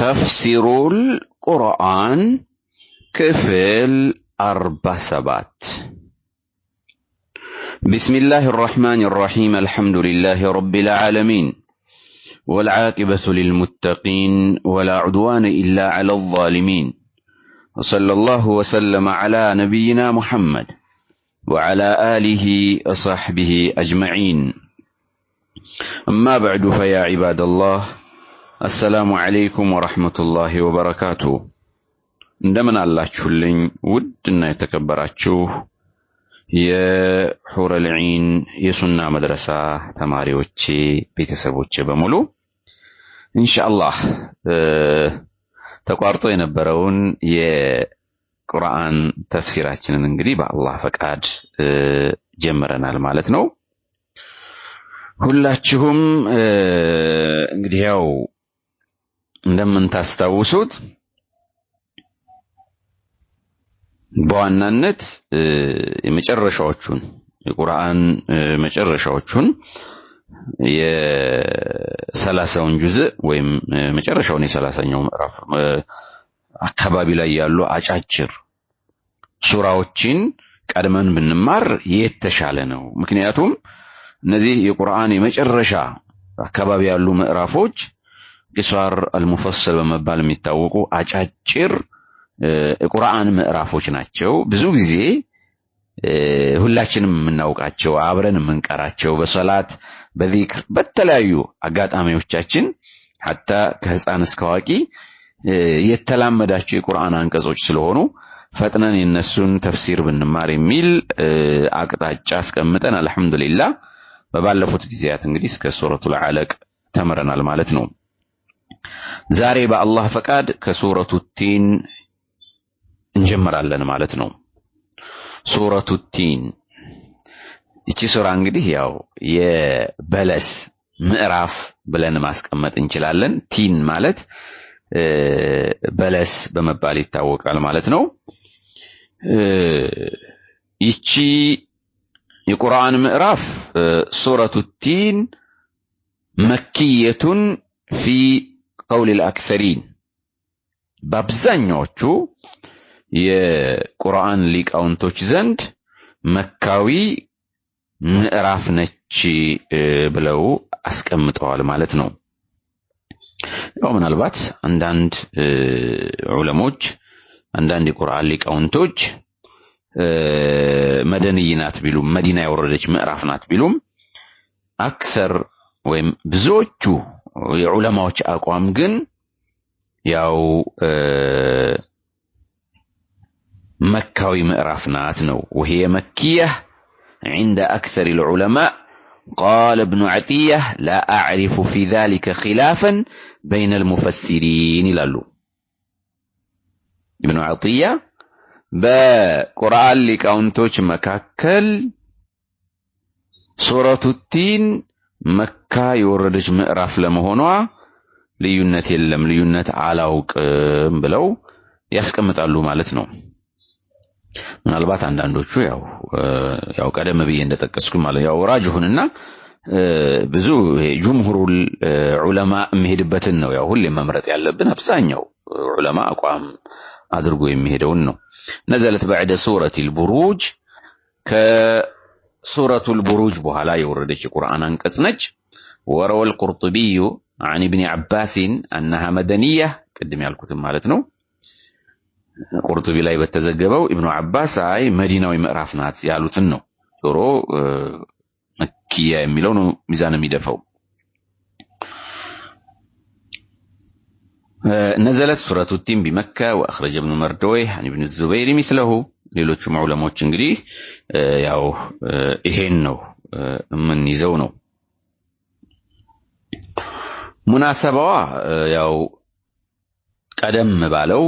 تفسير القرآن كفل أربع سبات بسم الله الرحمن الرحيم الحمد لله رب العالمين والعاقبة للمتقين ولا عدوان إلا على الظالمين وصلى الله وسلم على نبينا محمد وعلى آله وصحبه أجمعين أما بعد فيا عباد الله አሰላሙ ዓለይኩም ወረሕመቱላሂ ወበረካቱ። እንደምን አላችሁልኝ ውድና የተከበራችሁ የሑረል ዒን የሱና መድረሳ ተማሪዎቼ፣ ቤተሰቦቼ በሙሉ ኢንሻአላህ ተቋርጦ የነበረውን የቁርአን ተፍሲራችንን እንግዲህ በአላህ ፈቃድ ጀምረናል ማለት ነው። ሁላችሁም እንግዲህ ያው እንደምንታስታውሱት በዋናነት የመጨረሻዎቹን የቁርአን መጨረሻዎቹን የሰላሳውን ጁዝ ወይም መጨረሻውን የሰላሳኛው ምዕራፍ አካባቢ ላይ ያሉ አጫጭር ሱራዎችን ቀድመን ብንማር የተሻለ ነው። ምክንያቱም እነዚህ የቁርአን የመጨረሻ አካባቢ ያሉ ምዕራፎች ቂሷር አልሙፈሰል በመባል የሚታወቁ አጫጭር ቁርአን ምዕራፎች ናቸው። ብዙ ጊዜ ሁላችንም የምናውቃቸው አብረን የምንቀራቸው በሰላት በዚክር በተለያዩ አጋጣሚዎቻችን ሐታ ከህፃን እስከ አዋቂ የተላመዳቸው የቁርአን አንቀጾች ስለሆኑ ፈጥነን የነሱን ተፍሲር ብንማር የሚል አቅጣጫ አስቀምጠን አልሐምዱሊላህ በባለፉት ጊዜያት እንግዲህ እስከ ሱረቱል አለቅ ተምረናል ማለት ነው። ዛሬ በአላህ ፈቃድ ከሱረቱ ቲን እንጀምራለን ማለት ነው። ሱረቱ ቲን እቺ ሱራ እንግዲህ ያው የበለስ ምዕራፍ ብለን ማስቀመጥ እንችላለን። ቲን ማለት በለስ በመባል ይታወቃል ማለት ነው። ይቺ የቁርአን ምዕራፍ ሱረቱ ቲን መክየቱን ፊ ቀውሊል አክሰሪን በአብዛኛዎቹ የቁርአን ሊቃውንቶች ዘንድ መካዊ ምዕራፍ ነች ብለው አስቀምጠዋል ማለት ነው። ያው ምናልባት አንዳንድ ዑለሞች አንዳንድ የቁርአን ሊቃውንቶች መደንይ ናት ቢሉም መዲና የወረደች ምዕራፍ ናት ቢሉም አክሰር ወይም ብዙዎቹ የዑለማዎች أقوام جن ياو مكة ምዕራፍ ናት ነው وهي مكية عند أكثر العلماء قال ابن عطية لا أعرف في ذلك خلافا بين المفسرين لالو ابن عطية بقرآن أنتوش مكاكل سورة التين መካ የወረደች ምዕራፍ ለመሆኗ ልዩነት የለም፣ ልዩነት አላውቅም ብለው ያስቀምጣሉ ማለት ነው። ምናልባት አንዳንዶቹ ያው ያው ቀደም ብዬ እንደጠቀስኩ ማለት ያው ራጅሁንና ብዙ ጅምሁሩል ዑለማ የሚሄድበትን ነው ያው ሁሌ መምረጥ ያለብን አብዛኛው ዑለማ አቋም አድርጎ የሚሄደውን ነው። ነዘለት በዕደ ሱረቲል ቡሩጅ سورة البروج بها لا يوردش قرآن انكسنج وروى القرطبي عن ابن عباس أنها مدنية قدمي الكتب مالتنا قرطبي لا يبتزقبه ابن عباس أي مدينة ومعرفنا يالوتنا ترو آه، مكية ميلون ميزان ميدفو آه، نزلت سورة التين بمكة وأخرج ابن مردويه عن ابن الزبير مثله ሌሎቹም ዑለሞች እንግዲህ ያው ይሄን ነው የምንይዘው ነው። ሙናሰባዋ ያው ቀደም ባለው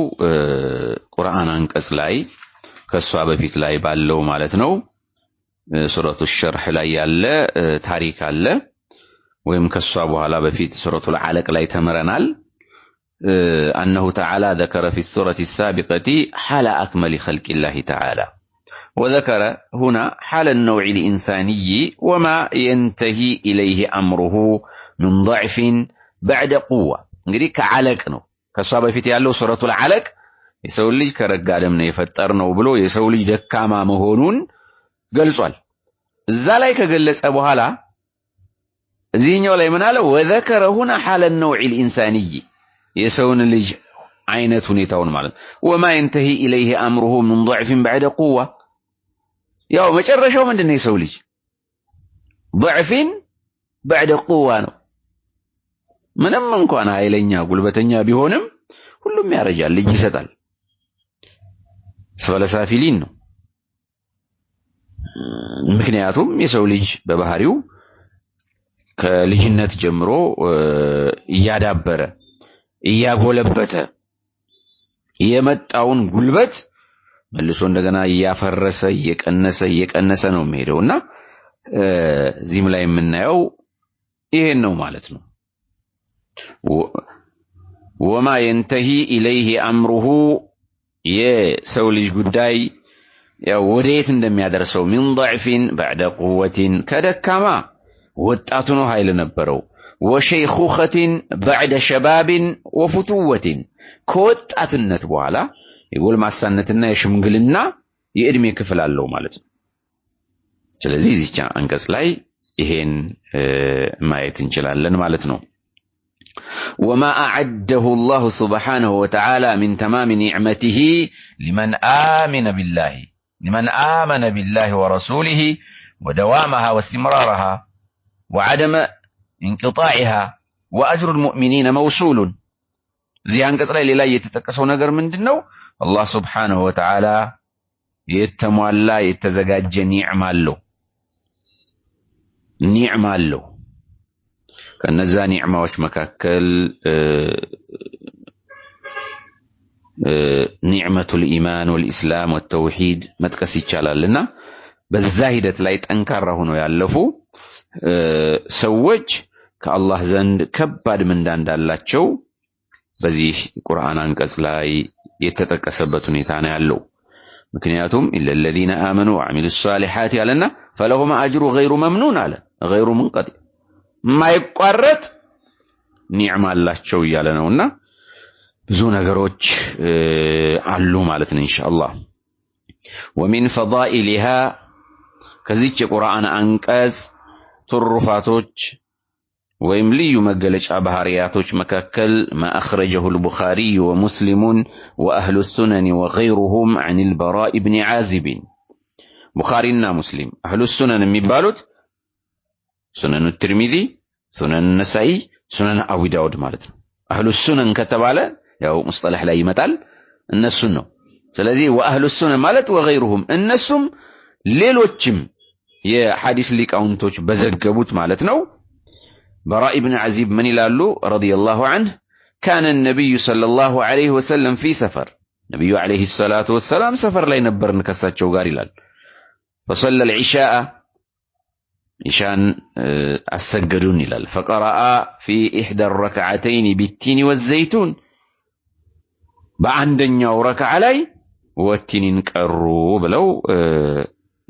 ቁርአን አንቀጽ ላይ ከሷ በፊት ላይ ባለው ማለት ነው ሱረቱ ሸርሕ ላይ ያለ ታሪክ አለ። ወይም ከሷ በኋላ በፊት ሱረቱል አለቅ ላይ ተምረናል። آه، أنه تعالى ذكر في السورة السابقة حال أكمل خلق الله تعالى وذكر هنا حال النوع الإنساني وما ينتهي إليه أمره من ضعف بعد قوة كعلك نو كصابة في تيالو سورة العلك يسول ليج كرق قادمنا يفترنا وبلو يسول ليج دكاما مهونون قل سؤال زالي كقلس أبو هلا زيني يولي منالو وذكر هنا حال النوع الإنساني የሰውን ልጅ አይነት ሁኔታውን ማለት ወማ የንተሂ ኢለይህ አምሩሁ ምን ضዕፊን በዕደ ቁዋ ያው መጨረሻው ምንድን ነው? የሰው ልጅ ضዕፊን በዕደ ቁዋ ነው። ምንም እንኳን ኃይለኛ ጉልበተኛ ቢሆንም ሁሉም ያረጃል፣ ልጅ ይሰጣል። ሰለሳፊሊን ነው። ምክንያቱም የሰው ልጅ በባህሪው ከልጅነት ጀምሮ እያዳበረ እያጎለበተ የመጣውን ጉልበት መልሶ እንደገና እያፈረሰ እየቀነሰ እየቀነሰ ነው የሚሄደው እና እዚህም ላይ የምናየው ይሄን ነው ማለት ነው። ወማ የንተሂ ኢለይህ አምሩሁ የሰው ልጅ ጉዳይ ያው ወደየት እንደሚያደርሰው ሚን ضዕፊን ባዕደ ቁወቲን ከደካማ ወጣቱ ነው ኃይል ነበረው وشيخوخة بعد شباب وفتوة كوت أتنت والا يقول ما سنتنا يشمقلنا يرمي كفل الله مالت تلزيز كان أنقص لاي إهين آه، ما يتنجل لنا مالتنا وما أعده الله سبحانه وتعالى من تمام نعمته لمن آمن بالله لمن آمن بالله ورسوله ودوامها واستمرارها وعدم انقطاعها واجر المؤمنين موصول زيان قصر لا يتتكسو نجر من دنو الله سبحانه وتعالى يتموالا يتزقاج نعم له نعم له كان نزا نعمة وش مكاكل نعمة الإيمان والإسلام والتوحيد ما تكسي لنا بس زاهدة لا يتأنكر هنا يعلفوا سوج أه ከአላህ ዘንድ ከባድ ምንዳ እንዳላቸው በዚህ ቁርአን አንቀጽ ላይ የተጠቀሰበት ሁኔታ ነው ያለው። ምክንያቱም ኢለለዚነ አመኑ ወዐሚሉ ሷሊሓት ያለና ፈለሁም አጅሩ ገይሩ መምኑን አለ ገይሩ ሙንቀጢ የማይቋረጥ ኒዕማ አላቸው እያለ ነውና ብዙ ነገሮች አሉ ማለት ነው ኢንሻአላህ። ወሚን ፈዳኢሊሃ ከዚች የቁርአን አንቀጽ ትሩፋቶች ويم ليو مجلج أبهارياتوش مكاكل ما أخرجه البخاري ومسلم وأهل السنن وغيرهم عن البراء بن عازب بخاري مسلم أهل السنن مبالوت سنن الترمذي سنن النسائي سنن أبو داود مالت أهل السنن كتب على يو مصطلح لأي مثال النسن سلازي وأهل السنن مالت وغيرهم النسم ليلوتشم يا حديث لك أون توش بزك مالتنا براء بن عزيب من لالو رضي الله عنه كان النبي صلى الله عليه وسلم في سفر نبي عليه الصلاة والسلام سفر لا ينبر نكسات شوغار فصلى العشاء عشان آه، أسجدون لال فقرأ في إحدى الركعتين بالتين والزيتون በአንደኛው علي والتين كروب لو ብለው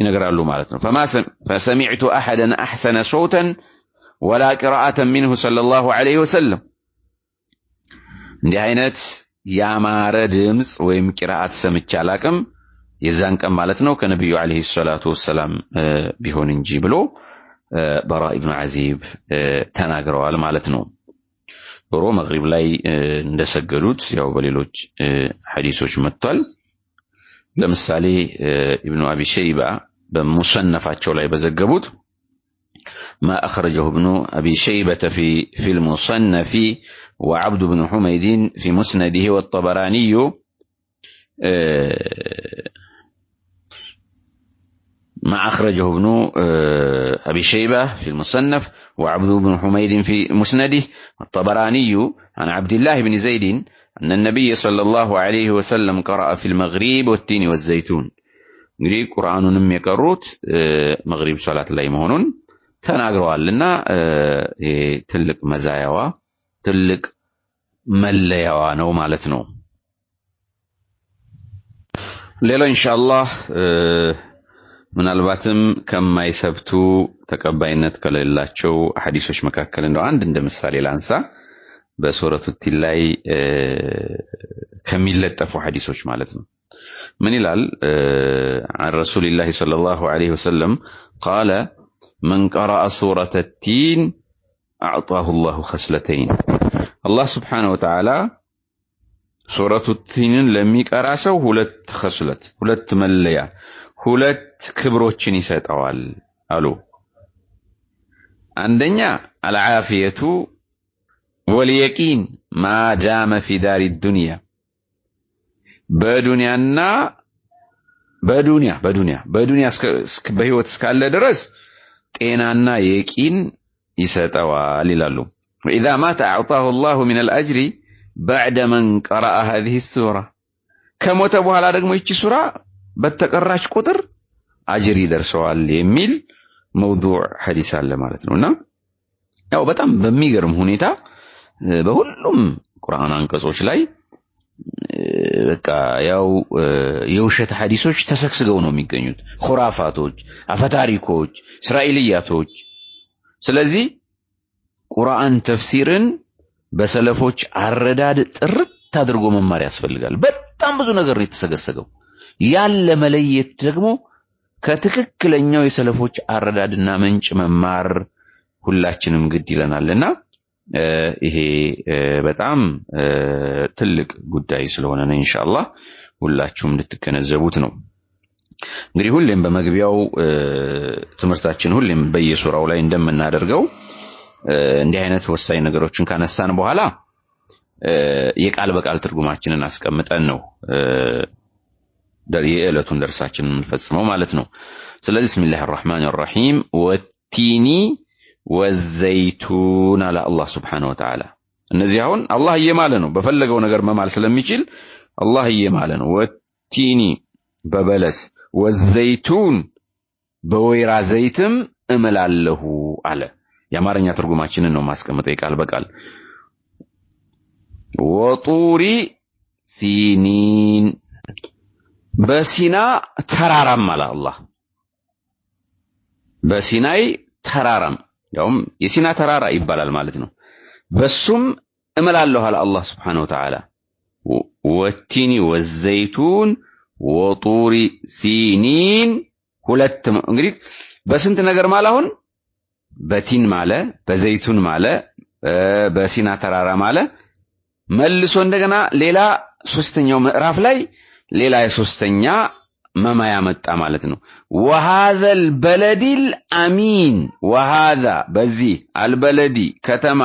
له آه، مالتنا فما فسمعت أحدا أحسن صوتا ወላ ቅርአተን ሚንሁ ሰለላሁ ዐለይሂ ወሰለም። እንዲህ አይነት ያማረ ድምፅ ወይም ቅርአት ሰምቼ አላቅም የዛን ቀን ማለት ነው ከነቢዩ ዐለይሂ ሰላቱ ወሰላም ቢሆን እንጂ ብሎ በራ ኢብኑ ዐዚብ ተናግረዋል ማለት ነው። ዶሮ መግሪብ ላይ እንደሰገዱት ያው በሌሎች ሐዲሶች መጥቷል። ለምሳሌ ኢብኑ አቢ ሸይባ በሙሰነፋቸው ላይ በዘገቡት ما أخرجه ابن أبي شيبة في في المصنف وعبد بن حميد في مسنده والطبراني آه، ما أخرجه ابن آه، أبي شيبة في المصنف وعبد بن حميد في مسنده الطبراني عن عبد الله بن زيد أن النبي صلى الله عليه وسلم قرأ في المغرب والتين والزيتون قرآن ቁርአኑንም የቀሩት آه، مغرب صلاة ላይ ተናግረዋል እና ትልቅ መዛያዋ ትልቅ መለያዋ ነው ማለት ነው። ሌላው ኢንሻአላህ ምናልባትም ከማይሰብቱ ተቀባይነት ከሌላቸው ሐዲሶች መካከል እንደው አንድ እንደ ምሳሌ ላንሳ። በሱረቱ ቲል ላይ ከሚለጠፉ ሐዲሶች ማለት ነው ምን ይላል? አን ረሱሊላሂ ሰለላሁ ዐለይሂ ወሰለም ቃለ መን ቀረአ ሱረተ ቲን አዕጣሁ ላሁ ከስለተይን አላህ ስብሓነ ወተዓላ ሱረቱ ቲንን ለሚቀራ ሰው ሁለት ከስለት፣ ሁለት መለያ፣ ሁለት ክብሮችን ይሰጠዋል አሉ። አንደኛ አልዓፊየቱ ወልየቂን ማዳመ ፊ ዳሪ ዱንያ በዱንያና በዱንያ በዱንያ በዱንያ በህይወት እስካለ ድረስ ጤናና የቂን ይሰጠዋል ይላሉ። ወኢዛ ማተ አዕጣሁ ላሁ ሚነል አጅሪ በዕደ መን ቀረአ ሃዚህ ሱራ ከሞተ በኋላ ደግሞ ይቺ ሱራ በተቀራች ቁጥር አጅር ይደርሰዋል የሚል መውዱዕ ሐዲስ አለ ማለት ነው። እና ያው በጣም በሚገርም ሁኔታ በሁሉም ቁርአን አንቀጾች ላይ በቃ ያው የውሸት ሐዲሶች ተሰግስገው ነው የሚገኙት። ኹራፋቶች፣ አፈታሪኮች፣ እስራኤልያቶች። ስለዚህ ቁርአን ተፍሲርን በሰለፎች አረዳድ ጥርት አድርጎ መማር ያስፈልጋል። በጣም ብዙ ነገር ነው የተሰገሰገው። ያን ለመለየት ደግሞ ከትክክለኛው የሰለፎች አረዳድና ምንጭ መማር ሁላችንም ግድ ይለናልና ይሄ በጣም ትልቅ ጉዳይ ስለሆነ ነው ኢንሻአላህ ሁላችሁም እንድትገነዘቡት ነው። እንግዲህ ሁሌም በመግቢያው ትምህርታችን ሁሌም በየሱራው ላይ እንደምናደርገው እንዲህ አይነት ወሳኝ ነገሮችን ካነሳን በኋላ የቃል በቃል ትርጉማችንን አስቀምጠን ነው የዕለቱን ደርሳችንን የምንፈጽመው ማለት ነው። ስለዚህ ብስሚላሂ ራህማን ወቲኒ ወዘይቱን አለ አላህ ስብሓነሁ ወተዓላ። እነዚህ አሁን አላህ እየማለ ነው፣ በፈለገው ነገር መማል ስለሚችል አላህ እየማለ ነው። ወቲኒ በበለስ ወዘይቱን በወይራ ዘይትም እምላለሁ አለ። የአማርኛ ትርጉማችንን ነው ማስቀምጠው ቃል በቃል ወጡሪ ሲኒን በሲና ተራራም አለ አላህ በሲናይ ተራራም ያውም የሲና ተራራ ይባላል ማለት ነው። በሱም እምላለሁ አለ አላህ ስብሓነሁ ወተዓላ ወቲኒ ወዘይቱን ወጡሪ ሲኒን ሁለት እንግዲህ በስንት ነገር ማለ አሁን በቲን ማለ በዘይቱን ማለ በሲና ተራራ ማለ መልሶ እንደገና ሌላ ሶስተኛው ምዕራፍ ላይ ሌላ የሶስተኛ መማያ መጣ ማለት ነው። ወሃዘል በለዲል አሚን ወሃዛ በዚህ አልበለዲ ከተማ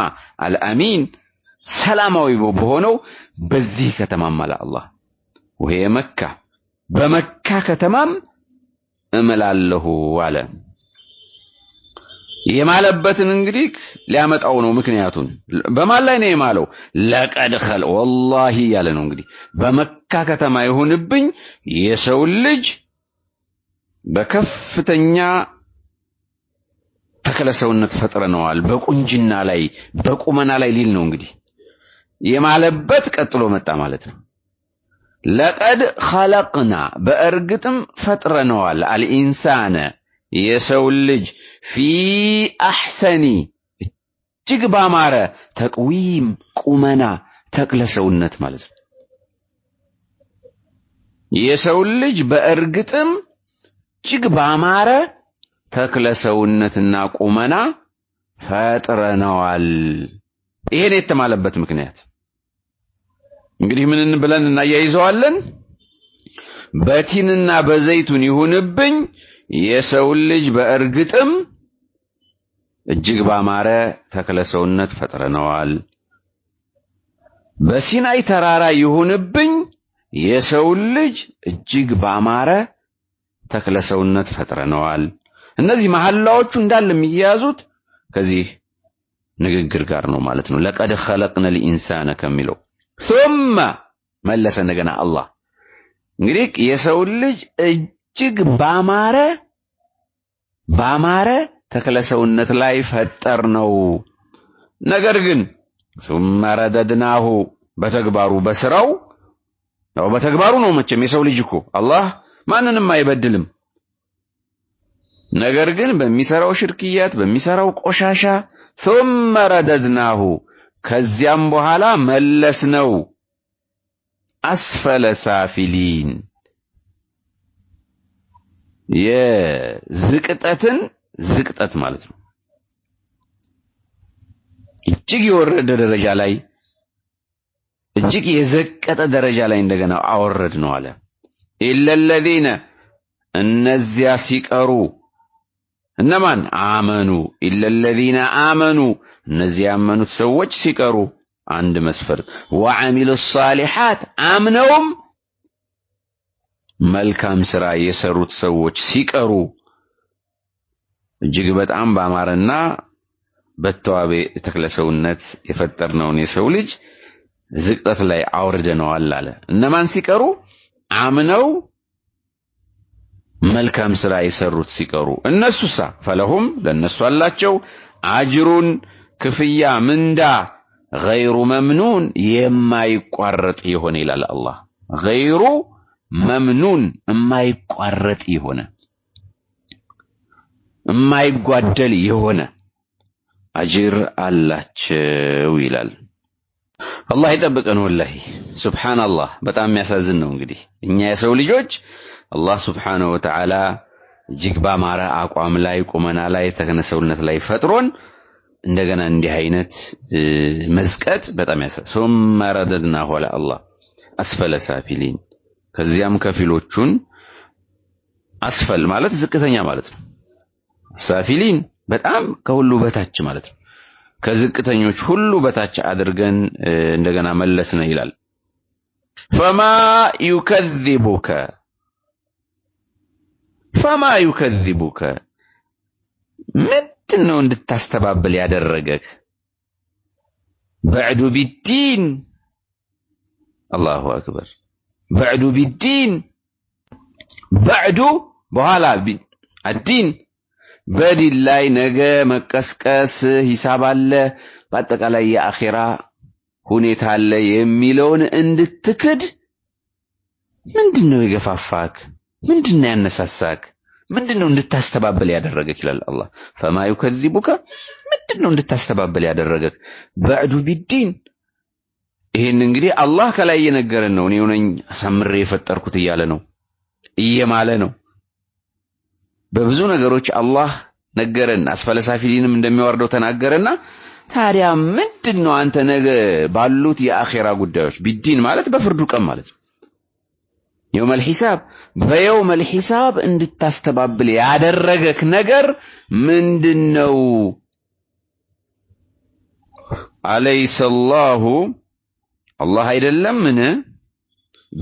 አልአሚን ሰላማዊ በሆነው በዚህ ከተማ አለ አላህ ወሄ መካ በመካ ከተማም እምላለሁ አለ። የማለበትን እንግዲህ ሊያመጣው ነው ምክንያቱን። በማን ላይ ነው የማለው? ለቀድ ኸል ወላሂ እያለ ነው እንግዲህ በመካ ከተማ ይሁንብኝ የሰው ልጅ በከፍተኛ ተክለ ሰውነት ፈጥረነዋል፣ በቁንጅና ላይ በቁመና ላይ ሊል ነው እንግዲህ የማለበት ቀጥሎ መጣ ማለት ነው። ለቀድ ኸለቅና በእርግጥም ፈጥረነዋል አልኢንሳነ የሰውን ልጅ ፊ አሕሰኒ እጅግ ባማረ ተቅዊም ቁመና ተክለ ሰውነት ማለት ነው። የሰውን ልጅ በእርግጥም እጅግ ባማረ ተክለ ሰውነትና ቁመና ፈጥረነዋል። ይሄን የተማለበት ምክንያት እንግዲህ ምንን ብለን እናያይዘዋለን? በቲንና በዘይቱን ይሁንብኝ የሰውን ልጅ በእርግጥም እጅግ ባማረ ተክለ ሰውነት ፈጥረነዋል። በሲናይ ተራራ ይሁንብኝ የሰውን ልጅ እጅግ ባማረ ተክለ ሰውነት ፈጥረነዋል። እነዚህ መሐላዎቹ እንዳለ የሚያያዙት ከዚህ ንግግር ጋር ነው ማለት ነው። ለቀድ ኸለቅነ ልኢንሳነ ከሚለው ثم መለሰ እንደገና አላህ እንግዲህ የሰውን ልጅ እጅግ ባማረ ባማረ ተክለ ሰውነት ላይ ፈጠር ነው። ነገር ግን ሱመ ረደድናሁ በተግባሩ በስራው ያው በተግባሩ ነው። መቼም የሰው ልጅ እኮ አላህ ማንንም አይበድልም። ነገር ግን በሚሰራው ሽርክያት በሚሰራው ቆሻሻ ሱመ ረደድናሁ ከዚያም በኋላ መለስ ነው አስፈለ ሳፊሊን የዝቅጠትን ዝቅጠት ማለት ነው። እጅግ የወረደ ደረጃ ላይ እጅግ የዘቀጠ ደረጃ ላይ እንደገና አወረድ ነው አለ። ኢለለዚነ እነዚያ ሲቀሩ እነማን አመኑ? ኢለለዚነ አመኑ እነዚያ ያመኑት ሰዎች ሲቀሩ አንድ መስፈርት ወዐሚሉ ሷሊሓት አምነውም መልካም ሥራ የሰሩት ሰዎች ሲቀሩ እጅግ በጣም ባማረና በተዋቤ ተክለ ሰውነት የፈጠርነውን የሰው ልጅ ዝቅጠት ላይ አውርደነዋል አለ። እነማን ሲቀሩ? አምነው መልካም ሥራ የሰሩት ሲቀሩ። እነሱሳ ፈለሁም ለነሱ አላቸው አጅሩን ክፍያ ምንዳ ገይሩ መምኑን የማይቋረጥ ይሆን ይላል አላህ ገይሩ መምኑን የማይቋረጥ የሆነ የማይጓደል የሆነ አጅር አላቸው ይላል። አላህ ይጠብቀን። ወላሂ ሱብሓነላህ፣ በጣም የሚያሳዝን ነው። እንግዲህ እኛ የሰው ልጆች አላህ ሱብሓነሁ ወተዓላ እጅግ ባማረ አቋም ላይ ቁመና ላይ ተክነ ላይ ፈጥሮን እንደገና እንዲህ አይነት መዝቀጥ በጣም ያሳ ሱመ ረደድናሁ አላ አላህ አስፈለ ሳፊሊን ከዚያም ከፊሎቹን አስፈል ማለት ዝቅተኛ ማለት ነው። ሳፊሊን በጣም ከሁሉ በታች ማለት ነው። ከዝቅተኞች ሁሉ በታች አድርገን እንደገና መለስ ነው ይላል። ፈማ ዩከዚቡከ ፈማ ዩከዚቡከ ምንድን ነው እንድታስተባብል ያደረገህ? በዕዱ ቢዲን አላሁ አክበር በዕዱ ቢዲን በዕዱ በኋላ አዲን በዲን ላይ ነገ መቀስቀስ ሂሳብ አለ፣ በአጠቃላይ የአኼራ ሁኔታ አለ የሚለውን እንድትክድ ምንድን ነው የገፋፋክ? ምንድን ነው ያነሳሳክ? ምንድን ነው እንድታስተባበል ያደረገክ ይላል አላህ። ፈማ ዩከዚቡከ ምንድን ነው እንድታስተባበል ያደረገክ? በዕዱ ቢዲን ይህን እንግዲህ አላህ ከላይ እየነገረን ነው። እኔው ነኝ አሳምሬ የፈጠርኩት እያለ ነው እየማለ ነው። በብዙ ነገሮች አላህ ነገረን። አስፈለሳፊ ዲንም እንደሚያወርደው ተናገረና ታዲያ ምንድን ነው አንተ ነገ ባሉት የአኼራ ጉዳዮች ቢዲን ማለት በፍርዱ ቀን ማለት ነው። የውመል ሒሳብ በየውመል ሒሳብ እንድታስተባብል ያደረገክ ነገር ምንድን ነው? አለይሰ አላሁ አላህ አይደለምን?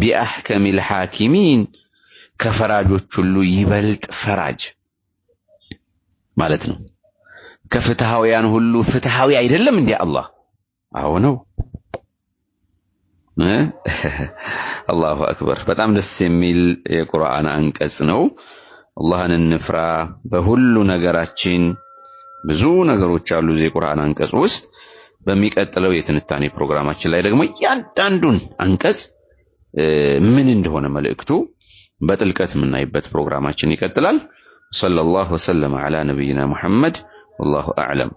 ቢአህከሚል ሐኪሚን ከፈራጆች ሁሉ ይበልጥ ፈራጅ ማለት ነው። ከፍትሃውያን ሁሉ ፍትሃዊ አይደለም እንዴ አላህ? አዎ ነው። አላሁ አክበር። በጣም ደስ የሚል የቁርአን አንቀጽ ነው። አላህን እንፍራ በሁሉ ነገራችን። ብዙ ነገሮች አሉ እዚህ የቁርአን አንቀጽ ውስጥ በሚቀጥለው የትንታኔ ፕሮግራማችን ላይ ደግሞ እያንዳንዱን አንቀጽ ምን እንደሆነ መልእክቱ በጥልቀት የምናይበት ፕሮግራማችን ይቀጥላል። ሰለላሁ ወሰለም ዐላ ነቢይና ሙሐመድ ወላሁ አዕለም።